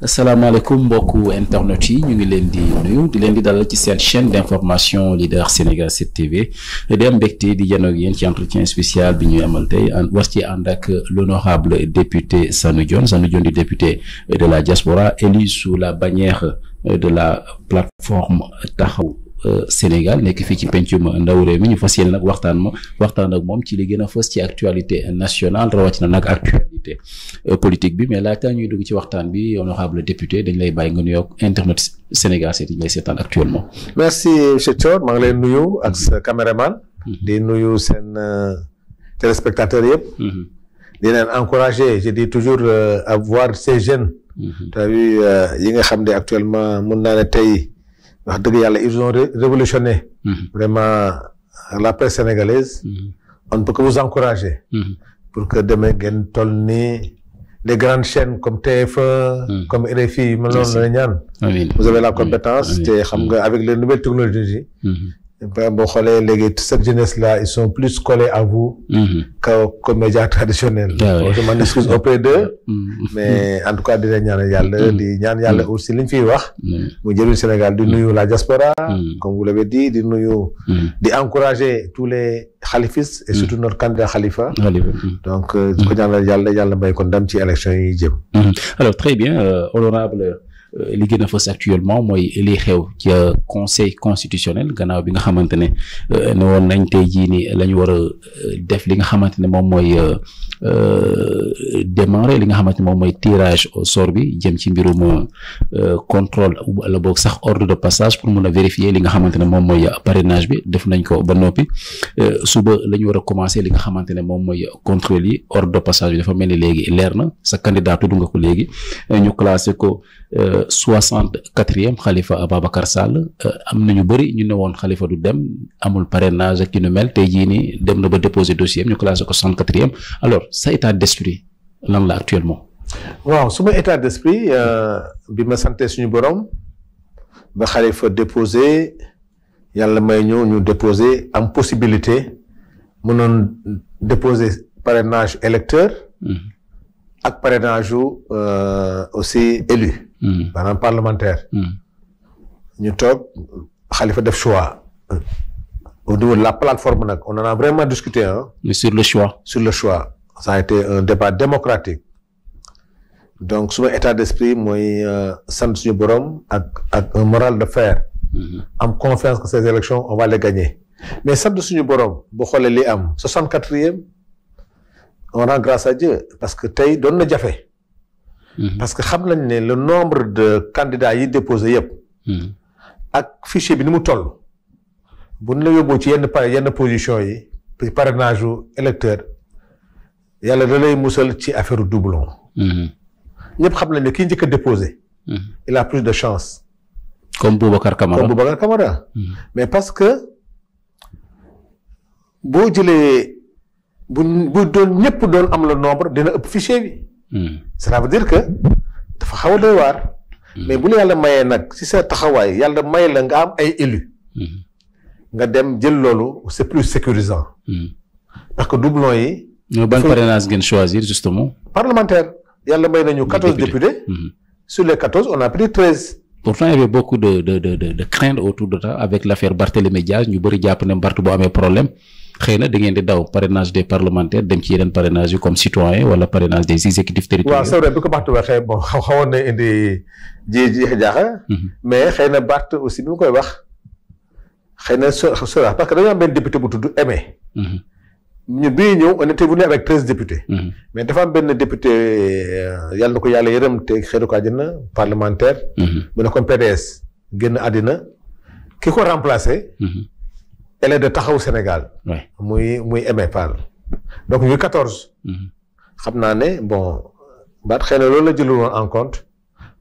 asalaamaaleykum mbokku internet yi ñu ngi leen di nuyu leen di dalal ci seen chaine d'information leader Sénégal 7 TV di am mbégte di janoog yéen ci entretien spécial bi ñuy amal tey war ci ànd ak l'honorable député Sanou Dione Sanou Dione di député de la diaspora élu sous la bannière de la plateforme taxaw Euh, Sénégal nekk fii ci pencum ndaw réew mi ñu fas yéene nag waxtaan waxtaan ak moom ci li gën a fës ci actualité nationale na nag actualité euh, politique bi mais laata ñuy dugg ci waxtaan bi honorable député dañ lay bàyyi nga nuyoog internet Sénégal seeti ñu lay seetaan actuellement. merci monsieur Thior maa ngi lay nuyu ak sa caméraman. Mm-hmm. di nuyu seen euh, téléspectateurs yëpp. Mm-hmm. di leen encourager je dis toujours à voir ces jeunes. Mm-hmm. tu yi nga xam ne actuellement mun naa ne tey. wax dëgg yàlla ils mm-hmm. vraiment la presse sénégalaise mm-hmm. on ne peut que vous encourager mm-hmm. pour que demain ngeen toll ni les grandes chaînes comme tf comme RFI mel noonu la ñaan vous avez la compétence te xam nga avec les nouvelles technologies boo xoolee léegi cette jeunesse là ils sont plus collés à vous. Mm-hmm. que qu'aux médias traditionnels. Ah je m'en excuse auprès d'eux. Mm-hmm. mais en tout cas dina ñaan yàlla. Mm-hmm. di ñaan yàlla aussi liñ fiy wax. mu jëriñ Sénégal di nuyu la diaspora. comme vous l'avez dit di nuyu. di encourager tous les xalifistes. et surtout notre candidat Khalifa. donc euh, ko ñaanal yàlla yàlla may ko ci élection yi jëm. alors très bien euh, honorable Euh, li gën a fës actuellement mooy li xew ci euh, conseil constitutionnel gannaaw bi nga xamante ne euh, ne woon nañ tey jii ni la ñu war a def li nga xamante ne moom mooy démarrer li nga xamante moom mooy tirage au sort bi jëm ci mbirum contrôle wala boog sax ordre de passage pour mun a vérifier li nga xamante ne moom mooy parrainage bi def nañ ko ba noppi suba la ñu war a commencer li nga xamante ne moom mooy contrôle yi ordre de passage bi dafa mel ni léegi leer na sa candidat tudd ko léegi ñu classé ko. soixante-quatrième xalifa Ababacar Sall euh, am na ñu bëri ñu ne woon xalifa du dem amul parrainage ak ki nu mel tey jii nii dem na ba déposer dossier ñu classé ko soixante-quatrième alors sa état d'esprit lan la actuellement. waaw suma état d'esprit euh, bi ma sante suñu borom ba xalifa déposer yàlla may ñëw ñu déposer am possibilité mënoon déposer parrainage électeur. Mm-hmm. ak parrainage euh, aussi élu. Hmm. maanaam parlementaire. Hmm. ñu toog xalifa def choix. o niveau de la plateforme nag on en a vraiment discuté ah. sur le choix. sur le choix ça a été un débat démocratique. donc suma état d'esprit mooy euh, sant suñu borom ak ak un de fer. Hmm. am confiance que ces élections on va les gagner. mais sant suñu borom bu xoolee li am soixante quatrième on rend grâce parce que tey doon na jafe. Mhm. parce que xam nañ ne le nombre de candidats yi déposé yëpp. Mhm. ak fichier bi ni mu toll. bu ñu la yóbboo ci yenn par yenn position yi. ci parrainage u électeur yàlla da lay musal ci affaire doublon. Mhm. ñëpp xam nañ ne kii njëkk a déposé. il a plus de chance. comme Boubacar Camara comme Boubacar Camara. mais parce que boo jëlee bu bu doon ñëpp doon am le nombre dina ëpp fichier bi. Hmm. cela veut dire que dafa xaw a doy waar. Hmm. mais bu la yàlla mayee nag si sa taxawaay yàlla may la nga am ay élus. Hmm. nga dem jël loolu c'est plus sécurisant. que doublon yi. ban parrainage ngeen choisir justement. parlementaire yàlla may nañu quatorze sur les quatorze on a pris treize. pourtant il y avait beaucoup de de de de crainte autour de ça avec l'affaire Barthélémy Diaz ñu bëri jàpp ne Barth boo amee problème. xëy na da ngeen di daw parrainage des parlementaires dem ci yeneen parrainage yu comme citoyen wala parrainage des exécutifs territoriaux. waaw c'est bi ko Barth waxee bon xawoon na indi ji jaaxa. Mhm. mais xëy na Barth aussi bi mu koy wax xëy na sora parce que dañoo benn député bu tudd Aimé. Mhm. ñu bii ñëw on était venu avec treize députés. Mhm. mais dafa benn député euh, yàlla na ko yàlla yërëm te xëy na ko àddina parlementaire. bu nekkoon PDS génn àddina ki ko remplacé. elle de taxaw Sénégal. muy muy Aimé Fall donc ñu 14. Mm-hmm. xam naa ne bon baat xëy na loolu la jëlul woon en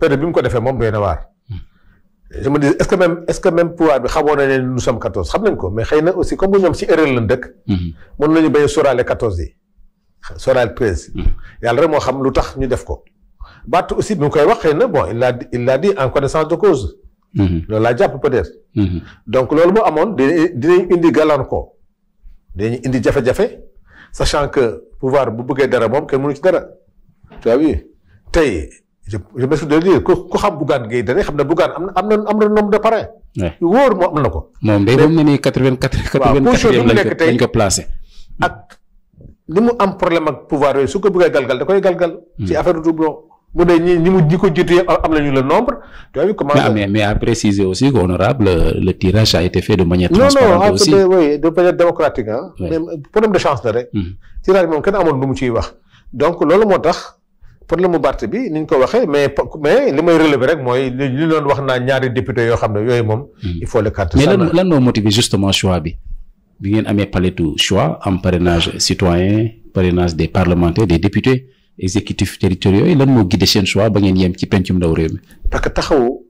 période bi mu ko defee moom doy na waar. je me dis est ce que même est ce que même pouvoir bi xamoon na ne nous sommes quatorze xam nañ ko mais xëy na aussi comme que ñoom si erreur lañ mhm. nañu bañ a sóoraale quatorze yi. sóoraale mhm. yàlla rek moo xam lu tax ñu def ko. Batt aussi bi mu koy wax xëy na bon il l'a il l'a dit en connaissance mhm. laa jàpp peut-être. donc loolu moo amoon dinañ indi gàllankoor. dinañ indi jafe-jafe sachant que bu bëggee dara moom kenn mënu ci dara. tey je je m'excuse de dire ku xam Bougane Gueye Dany xam ne Bougane am na am na am na nombre de parrain. yu wóor moom am na ko. moom day moom ne nii quatre vingt quatre. waaw position bi mu nekk tey lañ ko placé. ak ni mu am problème ak pouvoir yooyu su ko bëggee galgal da koy galgal. ci hmm. affaire doublon mu ne ñi ñi mu ñi ko jiitu am nañu le nombre. yooyu commencé mais mais à préciser aussi que honorable le tirage a été fait de manière. transparente aussi non non ah, oui de manière démocratique ah. mais problème de chance la rek. Hmm. tirage moom kenn amoon lu mu ciy wax donc loolu moo tax. problème mu Barth bi ni ñu ko waxee mais mais li may relever rek mooy li ñu doon wax naa ñaari député yoo xam ne yooyu moom. Hmm. il faut le carte mais lan lan moo motiver justement choix bi bi ngeen amee paletu choix am parrainage citoyen parrainage des parlementaires des députés exécutifs territoriaux yooyu lan moo guidé seen choix ba ngeen yem ci pencum ndaw réew mi. parce que taxaw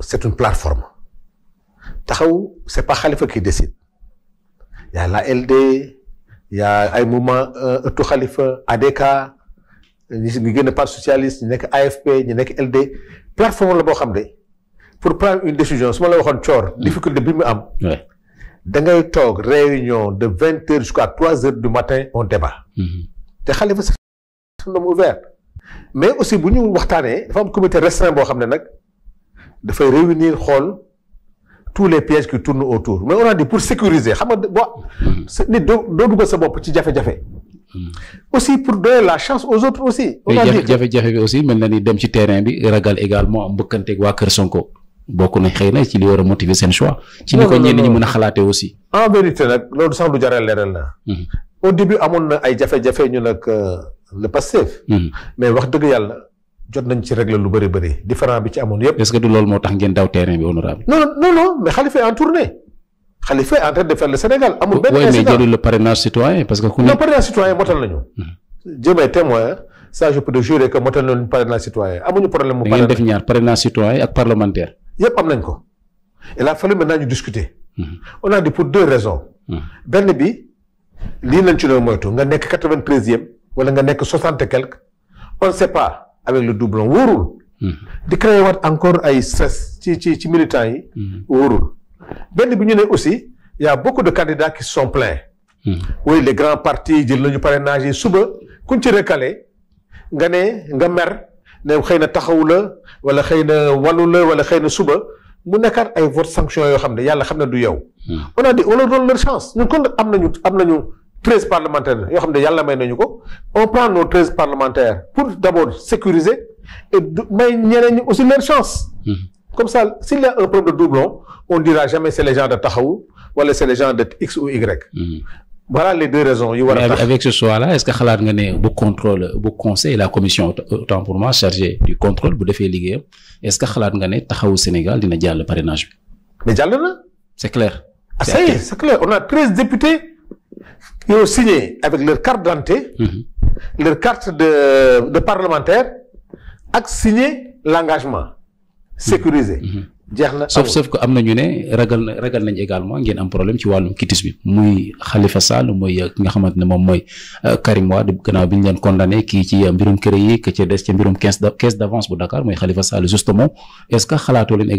c'est une plateforme taxaw c'est pas Khalifa qui décide y a la LD y a ay mouvement euh, ñu génn parti socialiste ñu nekk AFP ñu nekk LD plateforme la boo xam ne pour prendre une décision su ma la waxoon coor mm. difficulté bi mu am. da ngay toog réunion de vingt heures jusqu'à trois heures du matin on débat. Mm-hmm. te Khalifa c'est un mais aussi bu ñu waxtaanee dafa am comité boo xam ne nag dafay réunir xool tous les pièges qui tournent autour mais on a dit pour sécuriser xam nga boo. Mm-hmm. nit doo doo dugal sa bopp ci jafe-jafe. Hmm. aussi pour donner la chance aux autres aussi. cest à jafe-jafe bi aussi mel na ni dem ci terrain bi ragal également mbëkkanteeg waa Kër Sonko. bokk na xëy na ci li war a motiver seen choix. ci ni ko ñenn ñi mën a xalaatee aussi. en vérité nag loolu sax lu jaral leneen la. Hmm. au début amoon na ay jafe-jafe ñu nag euh, le Pastef. Hmm. mais wax dëgg yàlla jot nañ ci régler lu bëri bëri différent bi ci amoon yëpp. est-ce du loolu moo tax ngeen daw terrain bi honorable non non mais Khalifa Khalifa est en train de faire le Sénégal amul benn que. ku ne parrainage citoyen motal nañu. jëmee hmm. témoin ça je peux te jurer ko il a fallu maintenant ñu hmm. pour deux hmm. benn bi lii lañ ci doon moytu nga nekk quatre vingt treizième wala nga nekk soixante et quelque on ne sait pas avec le doublon wóorul. di créer waat encore ay stress ci ci ci militants yi. wóorul. benn bi ñu ne aussi y' a beaucoup de candidats qui sont pleins. Hmm. oui les grands partis jël nañu parrainage yi suba kuñ ci recalé nga ne nga mer ne xëy na taxawu la wala xëy na wallu la wala xëy na suba mu nekkaat ay vote sanction yoo xam ne yàlla xam ne du yow. Hmm. on a dit on leur donne leur chance ñun kon am nañu am nañu treize parlementaires yoo xam ne yàlla may nañu ko on prend nos treize parlementaires pour d' abord sécuriser et may ñeneen ñi aussi leur chance. Hmm. Comme ça, s'il y a un problème de doublon, on ne dira jamais c'est les gens de Tahaou ou c'est les gens de X ou Y. Mmh. Voilà les deux raisons. Mais avec, ce choix-là, est-ce que Khalad Ngane, vous contrôle, vous conseil, la commission, autant pour moi, chargée du contrôle, vous devez liguer, est-ce que Khalad Ngane, Tahaou Sénégal, il n'y a le parrainage Mais il C'est clair. Ah, ça y est, c'est clair. On a 13 députés qui ont avec leur carte d'identité, mmh. de, de parlementaire, et signé l'engagement. sécurisé. Mhm. jeex na sauf sauf que am na ñu ne ragal na ragal nañ également ngeen am problème ci wàllum kitis bi muy Khalifa Sall mooy euh, ki nga xamante ne moom mooy euh, Karim Wade gannaaw bi ñu leen condamné kii ci euh, mbirum kër yi que ca des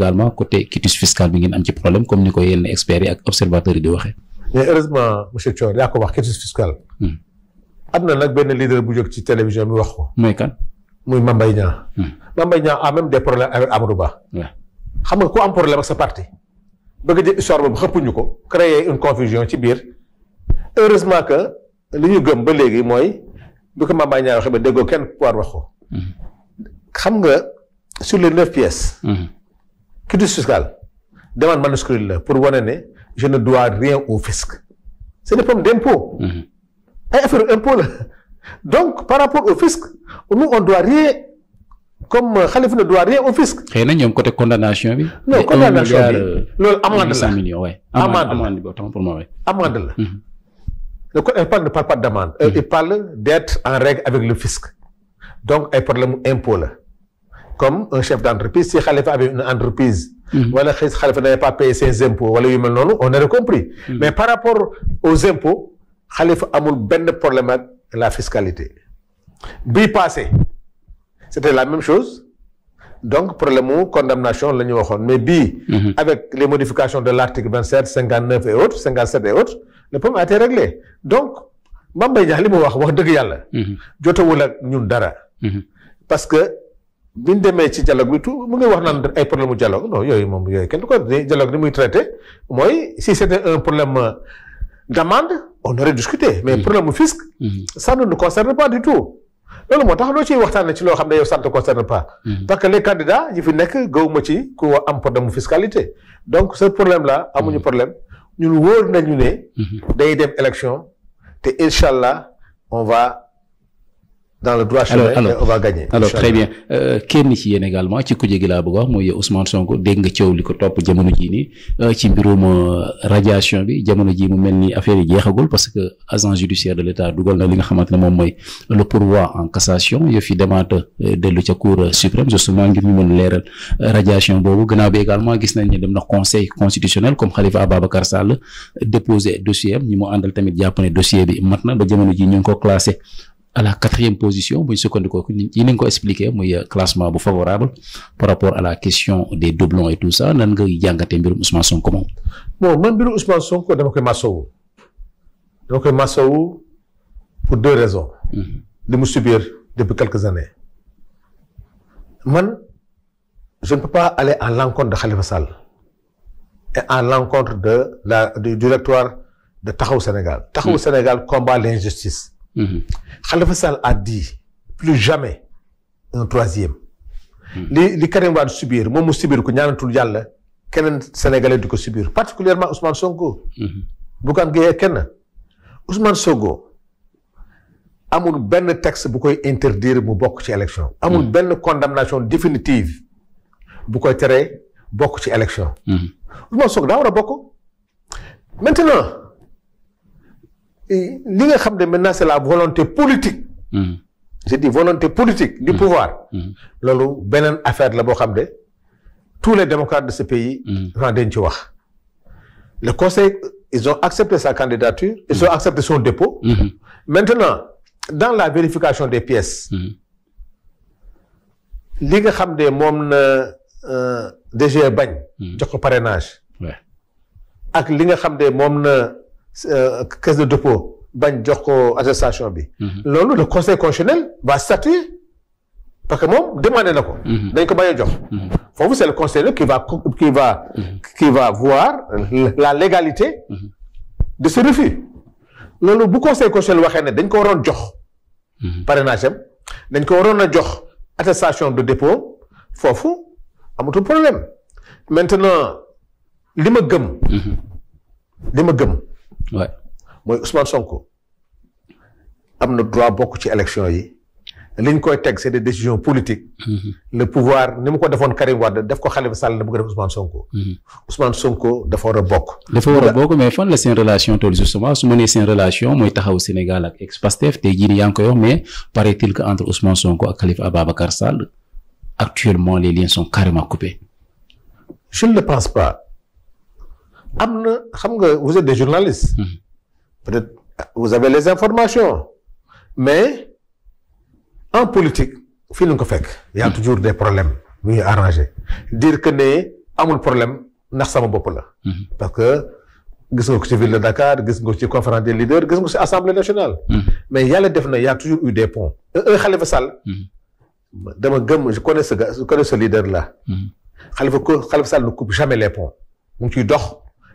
ca kitis fiscal bi ngeen am ci problème comme ni ko yenn experts yi ak observateurs yi di waxee. mais heureusement monsieur Thior yaa ko wax kitis fiscal. Hmm. am na nag benn leader bu jóg ci télévision bi wax ko. mooy muy Mame Mbaye Niang. Hmm. Mame Mbaye Niang même des problèmes avec Amadou Ba. xam nga ku am problème ak sa parti. bëgg a jël histoire boobu xëppuñu ko créer une confusion ci biir heureusement que li ñu gëm ba léegi mooy bu ko Mame Mbaye Niang waxee ba déggoo kenn pouvoir wax ko. Hmm. xam nga sur les neuf pièces. quitus hmm. fiscal demande manuscrite la pour wane ne jeune ne dois rien au fisc. c'est des problèmes d'impôt. ay affaire impôt la. donc par rapport au fisc nous on doit rien comme euh, Khalifa ne doit rien au fisc. xëy na ñoom côté condamnation bi. non condamnation bi euh, loolu la amende la amende la. le code épargne ne parle pas d'amende. il mhm. parle d'être en règle avec la comme un chef d'entreprise si Khalifa avait une entreprise. Mhm. wala xëy Khalifa n'avait pas payé ses impôts wala yu mel noonu on aurait compris. Mhm. mais par rapport aux impôts Khalifa amul benn problème la fiscalité bii passé c'était la même chose donc problème mu condamnation la ñu waxoon mais bii. Mhm. avec les modifications de l'article vingt sept cinquante neuf et autres cinquante sept et autres le problème a été donc Mame Mbaye li mu wax wax dëgg yàlla. Mhm. jotewul ak ñun dara. Mhm. parce que biñ demee ci dialogue bi tout mu ngi wax naan ay problème mu dialogue yooyu moom yooyu kenn du ko dialogue ni muy traité mooy si c'était un problème. d'amende on aurait discuté. mais problème mu fisc. Mhm. ça ne nous concerne pas du tout. loolu moo tax loo ciy waxtaanee ci loo xam ne yow ça ne pas. Mhm. parce que les candidats yi fi nekk gawuma ci ku am problème mu fiscalité. donc ce problème là amuñu mhm. problème ñun wóor nañu ne. day dem élection te incha on va. dans le droit chemin alors, très bien euh, kenn ci yéen également ci kuje gi laa bëgg wax mooy Ousmane Sonko dégg nga coow li ko topp jamono jii nii euh, ci mbirum euh, radiation bi jamono ji mu mel ni affaire yi jeexagul parce que agent judiciaire de l'État dugal na li nga xamante ne moom mooy le pourvoi en cassation yëf yi demaat dellu ca cour suprême justement ngir ñu mën leeral radiation boobu gannaaw bi également gis nañ ne dem na conseil constitutionnel comme Khalifa Ababacar Sall déposé dossier am mu àndal tamit jàpp ne dossier bi mat na ba jamono ji ñu ngi ko classé à la quatrième position buñ sukkandikoo yi ni nga ko expliqué muy euh, classement bu favorable par rapport à la question des doublons et tout ça nan nga jàngatee mbirum Ousmane Sonko moom. bon man mbirum Ousmane Sonko dama koy masawu dama koy masawu pour deux raisons. Mm-hmm. li mu subir depuis quelques années. man je ne peux aller à l'encontre de Khalifa Sall et à l'encontre de la du directoire de Taxawu Sénégal. Taxawu mm. Sénégal combat l'injustice Mm-hmm. Khalifa Sall a dit plus jamais un troisième. Mm-hmm. li li Karim Wade subir moom mu subir ko ñaanatul yàlla keneen sénégalais di ko subir particulièrement Ousmane Sonko. Mm-hmm. Bougane Gueye kenn Ousmane Sonko amul benn text bu koy interdire mu bokk ci élection. amul benn condamnation définitive bu koy teree bokk ci élection. daa war a bokk maintenant. li nga xam ne maintenant c'est la volonté politique. je hmm. dis volonté politique. du hmm. pouvoir. Hmm. loolu beneen affaire la boo xam ne tous les démocrates de ce pays. ren dañ ci wax. le conseil ils ont accepté sa candidature. ils ont accepté son dépôt. maintenant dans la vérification des pièces. li nga xam de moom na euh, DG bañ. jox ko ak li nga xam ne moom na. Euh, caisse de dépôt bañ jox ko attestation bi. Mhm. loolu le conseil constitutionnel va statuer parce que moom demandé na ko. Mhm. dañ ko bañ a jox. Mhm. foofu c'est le conseil qui va qui va qui va voir la légalité de ce refus. loolu bu conseil constitutionnel waxee ne dañ ko waroon jox. parrainage am dañ ko waroon a jox attestation de dépôt foofu amatul problème maintenant li ma gëm. li ma gëm. ouais mooy Ousmane Sonko am na droit bokk ci élection yi liñ koy teg c'est de décisions politiques. Mm-hmm. le pouvoir ni mu ko defoon Karim Wade def ko Khalifa Sall la bëgg a def Ousmane Sonko. Mm-hmm. Ousmane Sonko dafa war a bokk. dafa war a bokk mais fan la seen relation toll justement su ma nee seen relation mooy taxaw Sénégal ak ex-Pastef tey jii yaa ngi koy wax mais paraît-il que entre Ousmane Sonko ak Khalifa Ababacar Sall actuellement les liens sont carrément coupés. am na xam nga vous êtes des journalistes. Hmm. peut-être vous avez les informations mais en politique fii la ñu ko fekk. y a hmm. toujours des problèmes mu ñuy arrangé dire que ne amul problème ndax sama bopp la. Hmm. parce que gis nga ko ci ville de Dakar gis nga ko ci conférence des leaders gis nga ko ci assemblée nationale. mais yàlla def na y toujours eu des ponts. un euh, euh, Khalifa Sall. dama gëm je connais ce gars je connais ce leader là. Khalifa ko Khalifa Sall ne coupe jamais les ponts mu ngi ciy dox.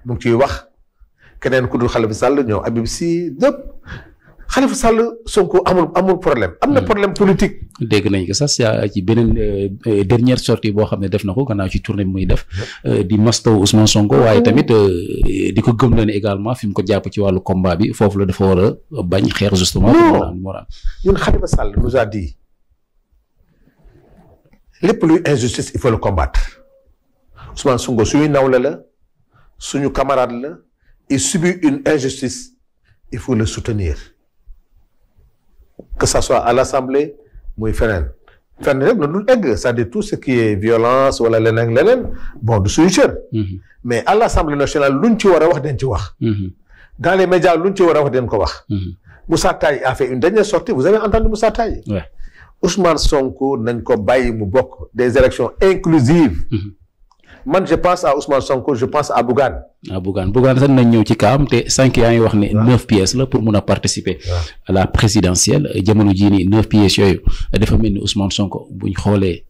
mu ngi ciy wax keneen ku dul Khalifa Sall ñoom Habib Sy ñëpp Khalifa Sall Sonko amul amul problème. am na hmm. problème politique. dégg nañ ko sax ci beneen euh, dernière sortie boo xam ne def na ko gannaaw ci tournée bi muy def hmm. euh, di mastaw Ousmane Sonko hmm. waaye tamit euh, di ko gëm la ne également fi mu ko jàpp ci wàllu combat bi foofu la dafa war bañ xeex justement. non ñun Khalifa Sall nous a dit lépp luy injustice il faut le combattre Ousmane Sonko suñu nawle la. suñu camarade la il subit une injustice il faut le soutenir que ça soit à l'assemblée muy feneen fenn rek la dul egg cest dire tout ce qui est violence wala leneen leneen bon du suñu cër mhm. mais à l'assemblée nationale luñ ci war a wax dañ ci wax mhm. dans les médias luñ ci war a wax dañ ko wax mhm. Moussa Taye a fait une dernière sortie vous avez entendu Moussa Taye ouais. Ousmane nañ ko bàyyi mu bokk des élections inclusives man je pense à Ousmane Sonko je pense à Bougane. à Bougane Bougane sax nañ ñëw ci kaam te sànq yaa ngi wax ne neuf pièces la pour mun a participer. a la présidentielle jamono jii nii neuf pièces yooyu dafa mel ni Ousmane Sonko buñ xoolee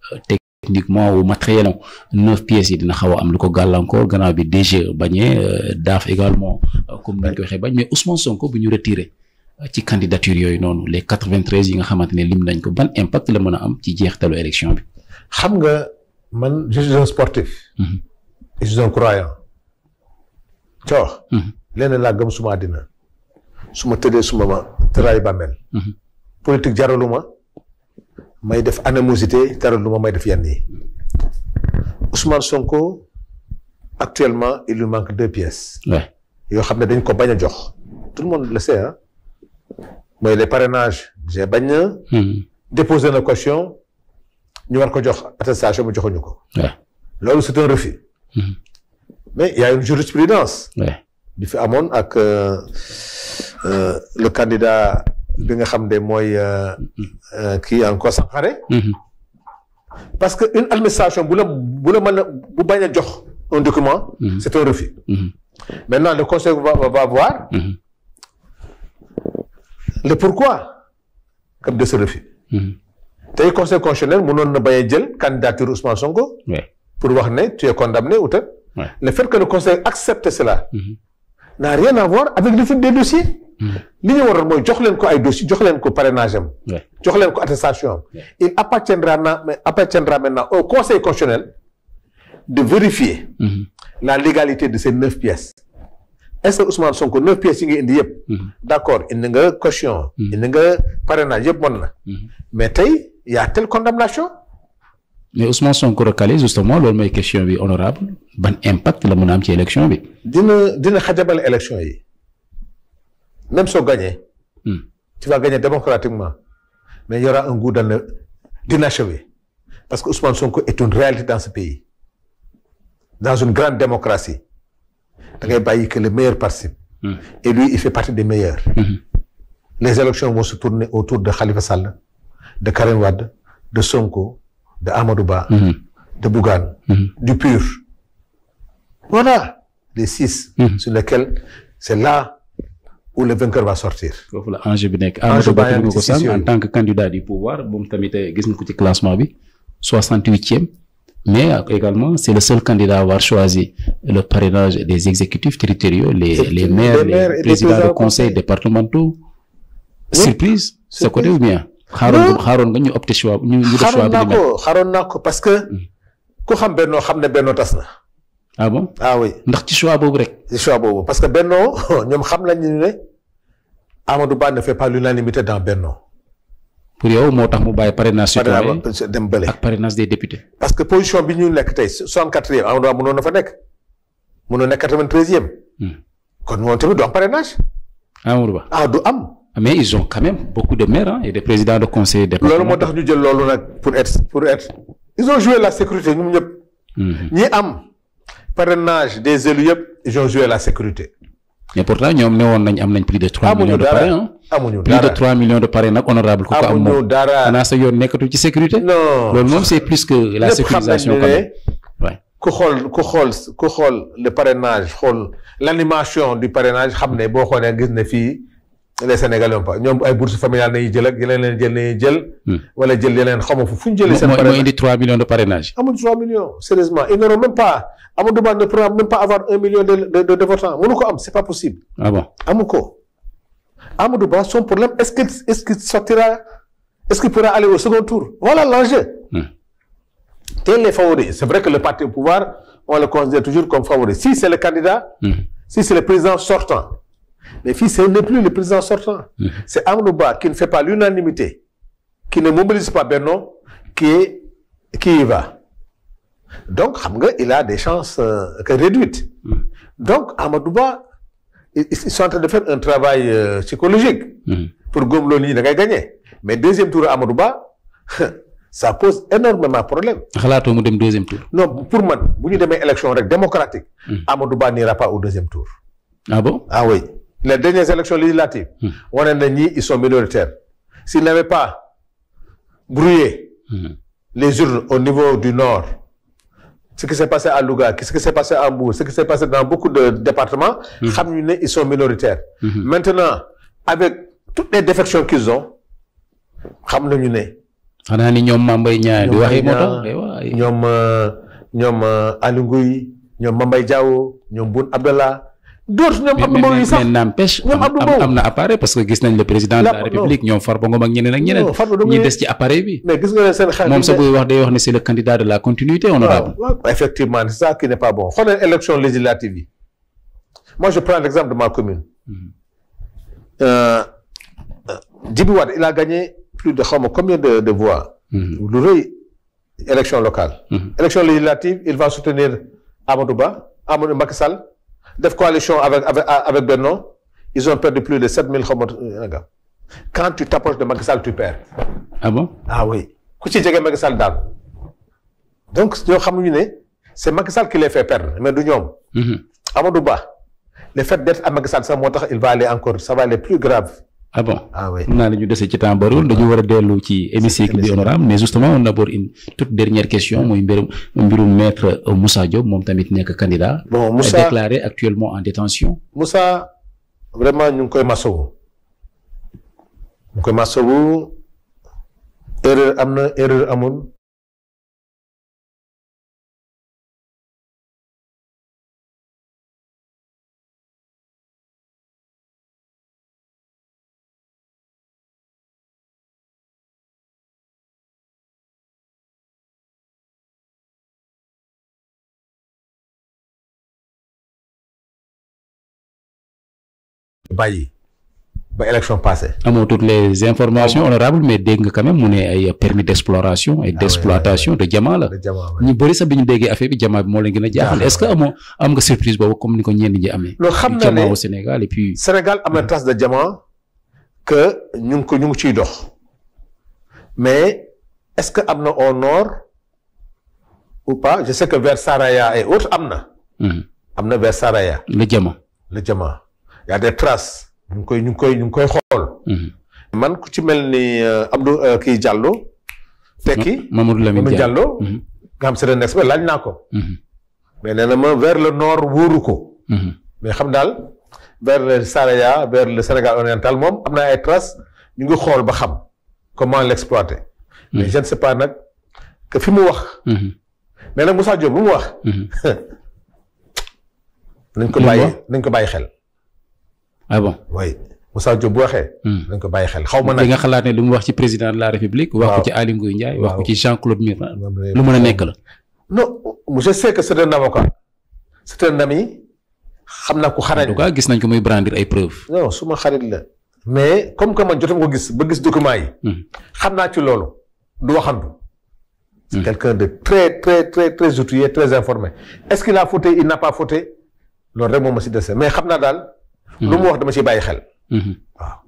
techniquement wu matériel neuf pièces yi dina xaw am lu ko gàllankoor gannaaw bi DG bañee euh, daaf également euh, comme nañ ko waxee bañ mais Ousmane Sonko bu ñu retiré. Euh, ci candidature yooyu noonu les quatre vingt treize yi nga xamante ne lim nañ ko ban impact la mën am ci jeextalu élection bi. xam nga man je suis un sportif. Mhm. je croyant. coox. Mhm. leneen laa gëm suma àddina su ma tëddee suma ma ba bàmmeel. Mhm. politique jaraluma may def animosité jaraluma may def yenn yi Ousmane Sonko actuellement il lui manque deux pièces. yoo xam ne dañ ko bañ a jox. tout le monde le sait ah. mooy les parrainages. j'ai bañ a. déposé na caution. ñu war ko jox attestation mu joxuñu ko. loolu c'est un refus. Mm-hmm. mais il y a une jurisprudence di fi amoon ak euh, euh, le candidat bi nga xam de mooy euh, kii encore Sankhare. Mm-hmm. parce que une administration bu la bu mën a bu bañ a jox un document. Mm-hmm. c'est un refus. maintenant le conseil va voir. le pourquoi comme de ce refus. tey conseil constitutionnel mënoon na bañ a jël candidature Ousmane Sonko. pour wax ne tu es condamné ou te. le fait que le conseil accepte cela. Mhm. n'a rien à voir avec le fait des dossiers. Mhm. li ñu waroon mooy jox leen ko ay dossiers jox leen ko parrainage am. jox leen ko attestation am. il appartiendra na appartiendra na au conseil constitutionnel de vérifier. Mhm. la légalité de ces neuf pièces. est-ce que Ousmane Sonko neuf pièces yi nga indi yëpp. Mm-hmm. d'accord indi nga caution. Mm-hmm. indi nga parrainage yëpp mën na. Mm-hmm. mais tey y a telle condamnation. mais Ousmane Sonko recalé justement loolu mooy question bi honorable ban impact la mën a am ci élection bi. dina dina xajabal élection yi même soo gagné. Mm. tu vas gagner démocratiquement mais il y un goût dans le d'inachevé parce que Ousmane Sonko est une réalité dans ce pays dans une grande démocratie. da ngay bàyyi que le meilleur participe. Hmm. et lui il fait partie des meilleurs. Hmm. les élections vont se tourner autour de Khalifa Sall de Karim Wade de Sonko de Amadou Ba. Hmm. de Bougane. du PUR. voilà les six. sur lesquels c'est là. où le vainqueur va sortir. foofu bi nekk Amadou Ba ko en tant que candidat du pouvoir moom tamit eh, gis nga ko ci classement bi soixante-huitième mais également c'est le seul candidat à avoir choisi le parrainage des exécutifs territoriaux, les, les maires, les, maires les présidents de conseils départementaux. Oui. Surprise, ce côté ou bien xaaroon xaaroon nga ñu opté choix ñu ñu def choix bi ni xaaroon naa parce que hmm. ku xam bennoo xam ne bennoo tas na. ah bon ah ndax ci choix boobu rek. ci boobu parce que bennoo ñoom xam nañu ne Amadou Ba ne fait pas l'unanimité dans bennoo. pour yow moo tax mu bàyyi parrainage citoyen dem bële ak parrainage des députés. parce que position bi ñu nekk tey soixante quatrième am na mënoon na fa nekk mënoon nekk quatre vingt treizième. Hmm. kon moom tamit du am parrainage. Amadou Ba ah du am. mais ils ont quand même beaucoup de maires hein, et de présidents de conseils départementaux. loolu moo tax ñu jël loolu nag pour être pour ils ont joué la sécurité ñoom ñëpp. Hmm. ñi am parrainage des élus yëpp ils ont joué la sécurité. mais pourtant ñoom newoon nañ am nañ plus de 3 millions de parrain amuñu dara plus sa yoon nekkatu ci sécurité loolu moom c'est plus que la sécurisation quand même ouais ku xool ku xool le parrainage xool l'animation du parrainage xam ne boo xoolee gis ne fii les Sénégalais ñoom pa ñoom ay bourses familiales nañuy jël ak yeneen leen jël nañuy jël hmm. wala jël yeneen xamoo fu ñu jëlee seen parrainage moo indi 3 millions de parrainage amuñu 3 pas Amadou Ba ne pourra même pas avoir un million de de de, de votants mënu am c'est pas possible. ah bon son problème est-ce que est-ce qu'il sortira est-ce qu'il pourra aller au second tour voilà l'enjeu. Mmh. est favori c'est vrai que le parti au pouvoir on le considère toujours comme favori si c'est le candidat. Mmh. si c'est le président sortant. mais fii ce n'est plus le président sortant. Mmh. c'est Amadou Ba qui ne fait pas l'unanimité qui ne mobilise pas Benno qui y donc xam nga il a des chances euh, que réduites. Hmm. donc Amadou Ba ils sont en train de faire un travail euh, psychologique. Hmm. pour góobloo nii da ngay gagné. mais deuxième tour Amadou Ba ça pose énormément problème. xalaatoo mu dem deuxième tour. non pour man bu ñu demee élection rek démocratique. Hmm. Amadou Ba n'ira pas au deuxième tour. ah bon ah oui les dernières élections législatives. wane na ñii ils sont minoritaires. s'ils n'avaient pas brouillé. les urnes au niveau du nord. ce qui s'est passé à Louga ce qui s'est passé à Mbour ce qui s'est passé dans beaucoup de départements mhm. xam ñu ne ils sont minoritaires mhm. maintenant avec toutes les défections qu'ils ont xam nañu ne xanaa ni ñoom Mame Mbaye Niang di waxi moo ñoom euh, ñoom euh, ñoom Mame Mbaye ñoom Boun Abdallah dóor ñoom Abdou Mbow yi sax mais n'empêche am na appareil parce que gis nañ le président de la république ñoom Farba Ngom ak ñeneen ak ñeneen ñi des ci appareil bi mais gis nga ne seen xel moom sa buy wax day wax ne c'est le candidat de la continuité honorable effectivement c'est ça qui l'exemple de ma commune mm-hmm. euh, euh, Djibi il a gagné plus de xaw ma combien de de voix mm-hmm. élection locale mm-hmm. élection législative il va soutenir Amadou Ba Amadou Macky Sall def coalition avec avec avec Benno ils ont perdu plus de 7000 xaw ma euh, quand tu t'approches de Macky Sall tu perds. ah bon ah oui ku ci jege Macky Sall daal donc ñoo xamuñu ne c'est Macky Sall qui les fait perdre mais du ñoom. Mhm. Amadou Ba le fait d'être à Macky Sall sax moo tax il va aller encore ça va aller plus grave. ah bon ah oui naa la ñu dese ci temps bariwul dañu war a dellu ci hémicycle bi honorable mais justement on aborde une toute dernière question mooy mbirum mbirum maître euh, Moussa Diop moom tamit nekk candidat. bon Moussa déclaré actuellement en détention Moussa vraiment ñu ngi koy masawu ñu ngi koy masawu erreur am na erreur amul bàyyi ba élection passée. amoo toutes les informations honorables mais dégg nga quand même mu ne ay permis d' exploration et ah d' exploitation de jamaa la. ñu bëri sax bi ñu déggee affaire bi jamaa bi moo leen gën a jaaxal. est ce que amoo am nga surprise boobu comme ni ko ñenn ñi amee. loolu xam na ne jamaa au Sénégal et Sénégal am na trace de jamaa que ñu ko ñu ngi ciy dox mais est ce que am na au ou pas je sais que vers Saraya et autres am na. Hmm. am na vers Saraya. le jamaa le y a des ñu ngi koy ñu ngi koy ñu xool. Mhm. man ku ci mel ni euh, Abdou euh, kii Diallo. tekki Mamadou Lamine Diallo mhm. nga xam c'est un expert laaj naa ko. Mhm. mais nee na ma vers le nord wóoru ko. mais xam daal vers le Saraya vers le Sénégal oriental moom am na ay traces ñu ngi xool ba xam comment l'exploiter. mais je ne sais nag que fi mu wax. mais nag Moussa Diop lu mu wax. nañ ko bàyyi nañ ko bàyyi xel. ah bon oui Moussa Diop bu waxee. dañ hmm. ko bàyyi xel xaw ma li nga xalaat ne lu mu wax ci président de la république. wax ko ci Aly Ngouille Ndiaye wax ko ci Jean Claude Mira lu mën a nekk la. non je sais que ka un avocat. c'est un xam naa ko xarañ. en tout gis nañ ko muy brandir ay preuves. non suma xarit la. mais comme que man jotuma ko gis ba gis document yi. Hmm. xam naa ci loolu du waxantu. c'est hmm. quelqu'un de très très très très outillé informé est-ce qu'il a fauté il n'a pas fauté loolu rek moom ma si dese mais xam naa daal. lu mu wax dama ciy bàyyi xel. Mm-hmm. waaw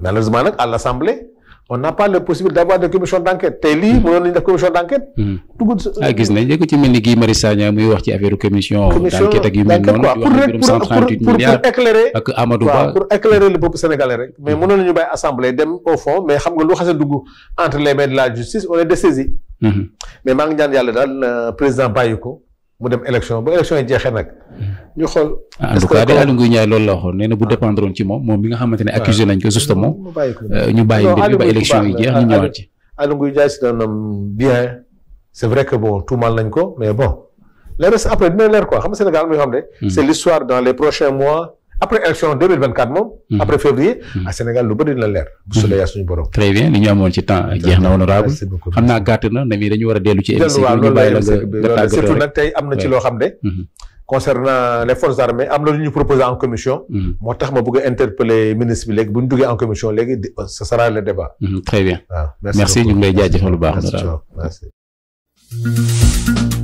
malheureusement nag à l'Assemblée on n'a pas le d'avoir des commissions d'enquête tey lii mënoon nañu def commission d'enquête. Mm-hmm. dugub ah gis nañ wax ci affaire commission. d'enquête ak yu mel mais mm-hmm. mënoon nañu bàyyi assemblée dem au fond mais xam mais maa ngi ñaan yàlla daal euh, président bàyyi ko. mu dem élection ba élection yi jeexee nag. ñu xool. en tout cas de Aliou Ngouille Ndiaye loolu la waxoon nee na bu dépendre ci moom moom bi nga xamante ne accusé nañ ko justement. Euh, ñu bàyyi mbir mi ba élection yi jeex ñu ñëwaat ci. Aliou Ngouille Ndiaye c'est un bien c'est vrai que bon tuumaal nañ ko mais bon le reste après dina leer quoi xam nga Sénégal mi xam ne. Hmm. c'est l'histoire dans les prochains mois. après élection 2024 moom. Hmm. après février. Hmm. à Sénégal lu bëri dina leer. suñu borom. très bien li ñu amoon ci temps jeex na honorable xam naa gàtt na na mi dañu war a dellu ci. émission bi ñu bàyyi la surtout nag tey am na ci loo xam ne hmm. concernant les forces armées am na lu ñu proposé en commission. moo tax ma bëgg a interpeller ministre bi léegi bu ñu duggee en commission léegi ce sera le débat. très bien. merci ñu ngi lay jaajëfal lu baax. merci.